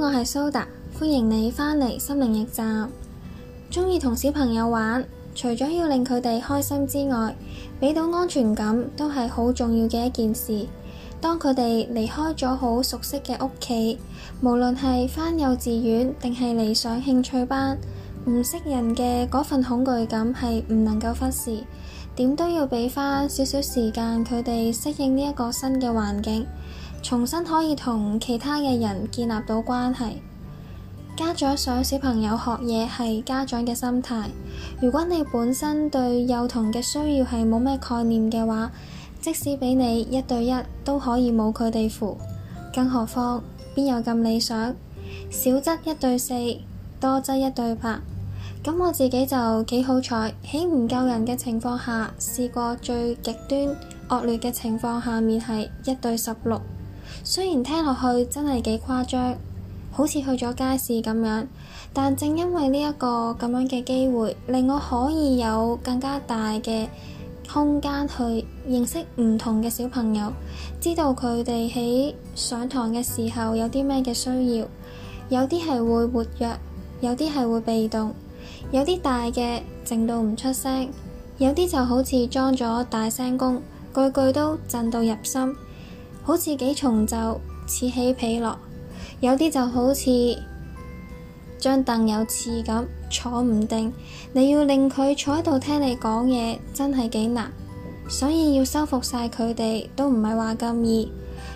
我係蘇達，歡迎你返嚟心靈驛站。中意同小朋友玩，除咗要令佢哋開心之外，俾到安全感都係好重要嘅一件事。當佢哋離開咗好熟悉嘅屋企，無論係返幼稚園定係嚟上興趣班，唔識人嘅嗰份恐懼感係唔能夠忽視，點都要俾翻少少時間佢哋適應呢一個新嘅環境。重新可以同其他嘅人建立到關係，家長想小朋友學嘢係家長嘅心態。如果你本身對幼童嘅需要係冇咩概念嘅話，即使俾你一對一都可以冇佢哋扶，更何況邊有咁理想？少則一對四，多則一對八。咁我自己就幾好彩，喺唔夠人嘅情況下，試過最極端惡劣嘅情況下面係一對十六。雖然聽落去真係幾誇張，好似去咗街市咁樣，但正因為呢一個咁樣嘅機會，令我可以有更加大嘅空間去認識唔同嘅小朋友，知道佢哋喺上堂嘅時候有啲咩嘅需要，有啲係會活躍，有啲係會被動，有啲大嘅靜到唔出聲，有啲就好似裝咗大聲公，句句都震到入心。好似幾重就此起彼落，有啲就好似張凳有刺咁坐唔定。你要令佢坐喺度聽你講嘢，真係幾難。所以要收服晒佢哋都唔係話咁易。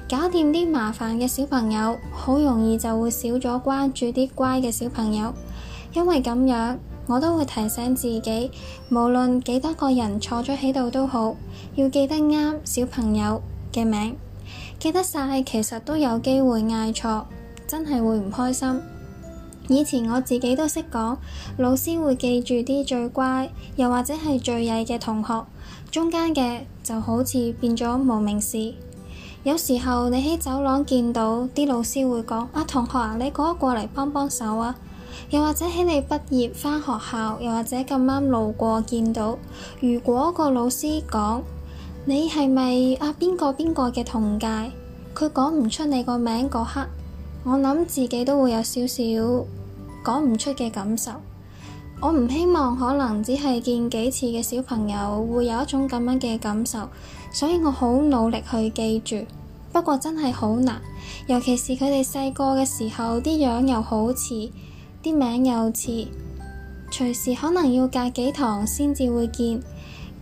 搞掂啲麻煩嘅小朋友，好容易就會少咗關注啲乖嘅小朋友。因為咁樣，我都會提醒自己，無論幾多個人坐咗喺度都好，要記得啱小朋友嘅名。記得晒，其實都有機會嗌錯，真係會唔開心。以前我自己都識講，老師會記住啲最乖，又或者係最曳嘅同學，中間嘅就好似變咗無名氏。有時候你喺走廊見到啲老師會講：「啊，同學，你嗰個過嚟幫幫手啊！又或者喺你畢業返學校，又或者咁啱路過見到，如果個老師講，你係咪啊？邊個邊個嘅同屆？佢講唔出你個名嗰刻，我諗自己都會有少少講唔出嘅感受。我唔希望可能只係見幾次嘅小朋友會有一種咁樣嘅感受，所以我好努力去記住。不過真係好難，尤其是佢哋細個嘅時候，啲樣又好似，啲名又似，隨時可能要隔幾堂先至會見。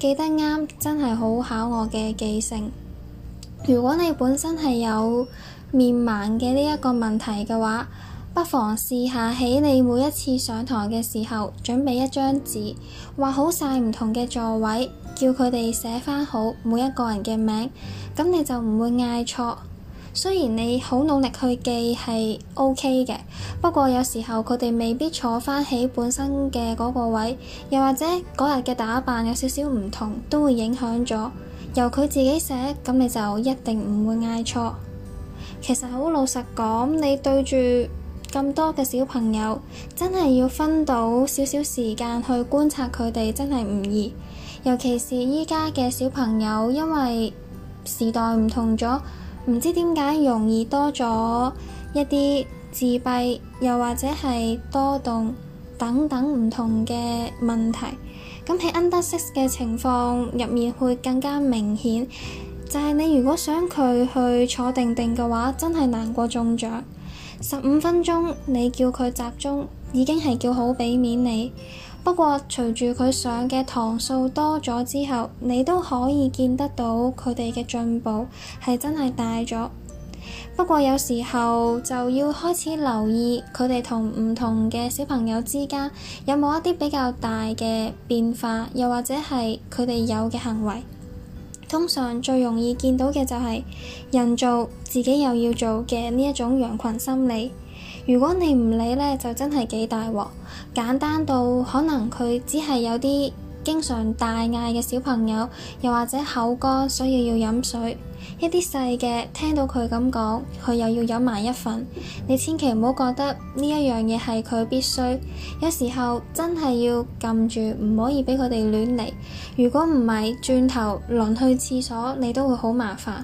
記得啱真係好考我嘅記性。如果你本身係有面盲嘅呢一個問題嘅話，不妨試下喺你每一次上堂嘅時候，準備一張紙，畫好晒唔同嘅座位，叫佢哋寫翻好每一個人嘅名，咁你就唔會嗌錯。雖然你好努力去記係 OK 嘅，不過有時候佢哋未必坐返起本身嘅嗰個位，又或者嗰日嘅打扮有少少唔同，都會影響咗。由佢自己寫，咁你就一定唔會嗌錯。其實好老實講，你對住咁多嘅小朋友，真係要分到少少時間去觀察佢哋，真係唔易。尤其是依家嘅小朋友，因為時代唔同咗。唔知點解容易多咗一啲自閉，又或者係多動等等唔同嘅問題。咁喺 under six 嘅情況入面，會更加明顯。就係你如果想佢去坐定定嘅話，真係難過中獎。十五分鐘你叫佢集中，已經係叫好俾面你。不過，隨住佢上嘅堂數多咗之後，你都可以見得到佢哋嘅進步係真係大咗。不過有時候就要開始留意佢哋同唔同嘅小朋友之間有冇一啲比較大嘅變化，又或者係佢哋有嘅行為。通常最容易見到嘅就係人做自己又要做嘅呢一種羊群心理。如果你唔理咧，就真係幾大鑊。簡單到可能佢只係有啲經常大嗌嘅小朋友，又或者口乾，所以要飲水。一啲細嘅聽到佢咁講，佢又要飲埋一份。你千祈唔好覺得呢一樣嘢係佢必須，有時候真係要撳住，唔可以俾佢哋亂嚟。如果唔係，轉頭輪去廁所，你都會好麻煩。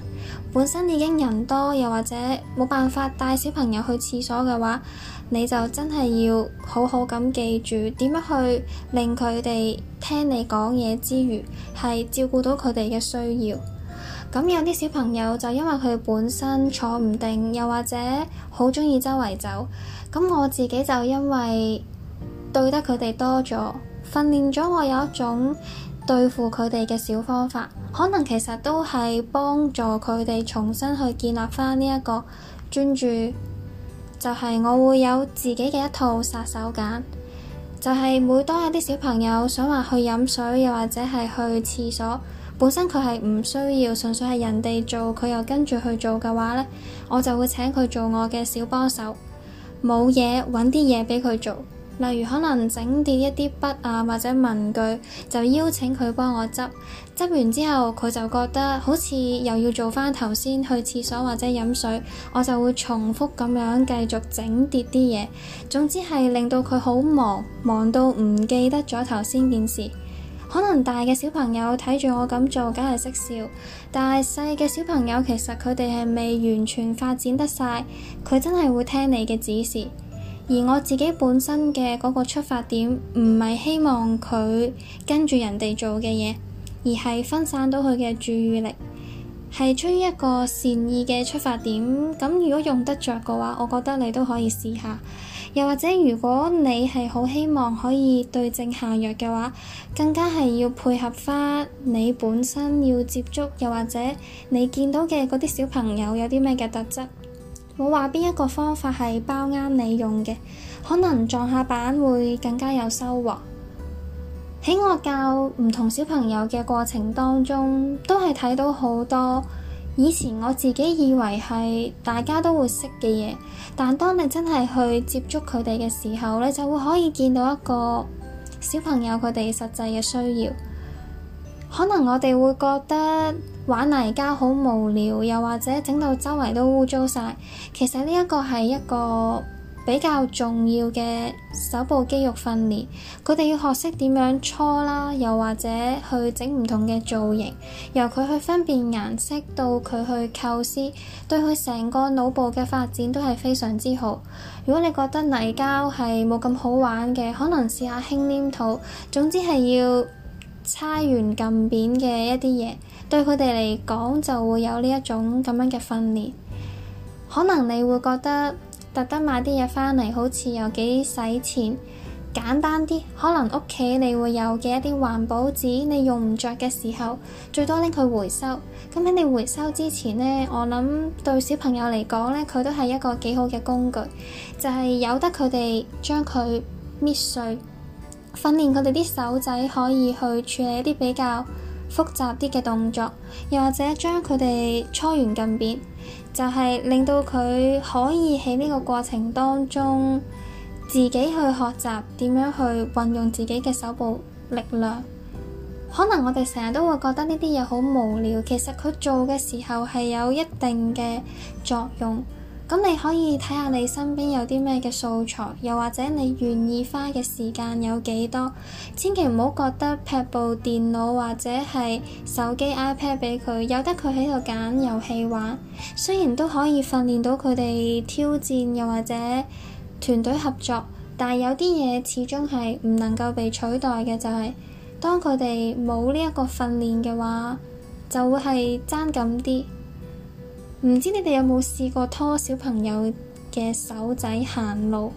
本身已經人多，又或者冇辦法帶小朋友去廁所嘅話，你就真係要好好咁記住點樣去令佢哋聽你講嘢，之餘係照顧到佢哋嘅需要。咁有啲小朋友就因為佢本身坐唔定，又或者好中意周圍走。咁我自己就因為對得佢哋多咗，訓練咗我有一種對付佢哋嘅小方法。可能其實都係幫助佢哋重新去建立翻呢一個專注，就係我會有自己嘅一套殺手鐧，就係每當有啲小朋友想話去飲水，又或者係去廁所。本身佢係唔需要，純粹係人哋做，佢又跟住去做嘅話呢，我就會請佢做我嘅小幫手，冇嘢揾啲嘢畀佢做，例如可能整跌一啲筆啊或者文具，就邀請佢幫我執，執完之後，佢就覺得好似又要做返頭先去廁所或者飲水，我就會重複咁樣繼續整跌啲嘢，總之係令到佢好忙，忙到唔記得咗頭先件事。可能大嘅小朋友睇住我咁做，梗係識笑。但係細嘅小朋友，其實佢哋係未完全發展得晒，佢真係會聽你嘅指示。而我自己本身嘅嗰個出發點，唔係希望佢跟住人哋做嘅嘢，而係分散到佢嘅注意力，係出於一個善意嘅出發點。咁如果用得着嘅話，我覺得你都可以試下。又或者如果你係好希望可以對症下藥嘅話，更加係要配合翻你本身要接觸，又或者你見到嘅嗰啲小朋友有啲咩嘅特質，冇話邊一個方法係包啱你用嘅，可能撞下板會更加有收穫。喺我教唔同小朋友嘅過程當中，都係睇到好多。以前我自己以為係大家都會識嘅嘢，但當你真係去接觸佢哋嘅時候，你就會可以見到一個小朋友佢哋實際嘅需要。可能我哋會覺得玩泥膠好無聊，又或者整到周圍都污糟晒。其實呢一個係一個比較重要嘅手部肌肉訓練，佢哋要學識點樣搓啦，又或者去整唔同嘅造型，由佢去分辨顏色到佢去構思，對佢成個腦部嘅發展都係非常之好。如果你覺得泥膠係冇咁好玩嘅，可能試下輕黏土，總之係要搓圓撳扁嘅一啲嘢，對佢哋嚟講就會有呢一種咁樣嘅訓練。可能你會覺得。特登買啲嘢翻嚟，好似又幾使錢，簡單啲。可能屋企你會有嘅一啲環保紙，你用唔着嘅時候，最多拎佢回收。咁喺你回收之前呢，我諗對小朋友嚟講呢，佢都係一個幾好嘅工具，就係由得佢哋將佢搣碎，訓練佢哋啲手仔可以去處理啲比較。複雜啲嘅動作，又或者將佢哋搓圓撳扁，就係令到佢可以喺呢個過程當中自己去學習點樣去運用自己嘅手部力量。可能我哋成日都會覺得呢啲嘢好無聊，其實佢做嘅時候係有一定嘅作用。咁你可以睇下你身邊有啲咩嘅素材，又或者你願意花嘅時間有幾多？千祈唔好覺得劈部電腦或者係手機 iPad 俾佢，由得佢喺度揀遊戲玩。雖然都可以訓練到佢哋挑戰，又或者團隊合作，但係有啲嘢始終係唔能夠被取代嘅，就係、是、當佢哋冇呢一個訓練嘅話，就會係爭咁啲。唔知你哋有冇試過拖小朋友嘅手仔行路？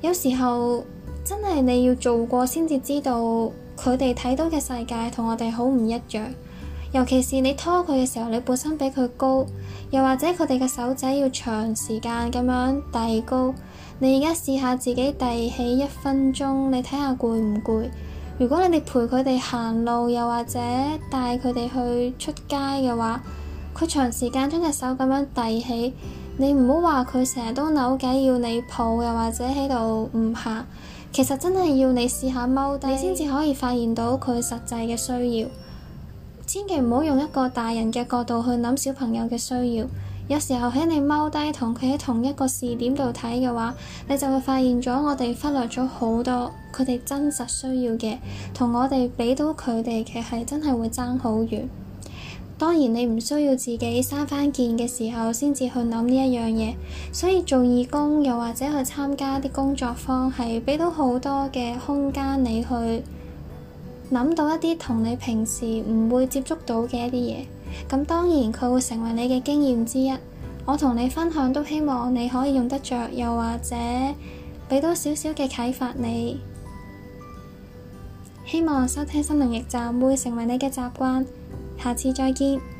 有時候真係你要做過先至知道佢哋睇到嘅世界同我哋好唔一樣。尤其是你拖佢嘅時候，你本身比佢高，又或者佢哋嘅手仔要長時間咁樣遞高。你而家試下自己遞起一分鐘，你睇下攰唔攰？如果你哋陪佢哋行路，又或者帶佢哋去出街嘅話，佢長時間將隻手咁樣遞起，你唔好話佢成日都扭計要你抱，又或者喺度唔行。其實真係要你試下踎低，你先至可以發現到佢實際嘅需要。千祈唔好用一個大人嘅角度去諗小朋友嘅需要。有時候喺你踎低同佢喺同一個視點度睇嘅話，你就會發現咗我哋忽略咗好多佢哋真實需要嘅，同我哋畀到佢哋嘅係真係會爭好遠。當然，你唔需要自己生番建嘅時候，先至去諗呢一樣嘢。所以做義工又或者去參加啲工作坊，係畀到好多嘅空間你去諗到一啲同你平時唔會接觸到嘅一啲嘢。咁當然佢會成為你嘅經驗之一。我同你分享都希望你可以用得着，又或者畀多少少嘅啟發你。希望收聽心靈驛站會成為你嘅習慣。下次再見。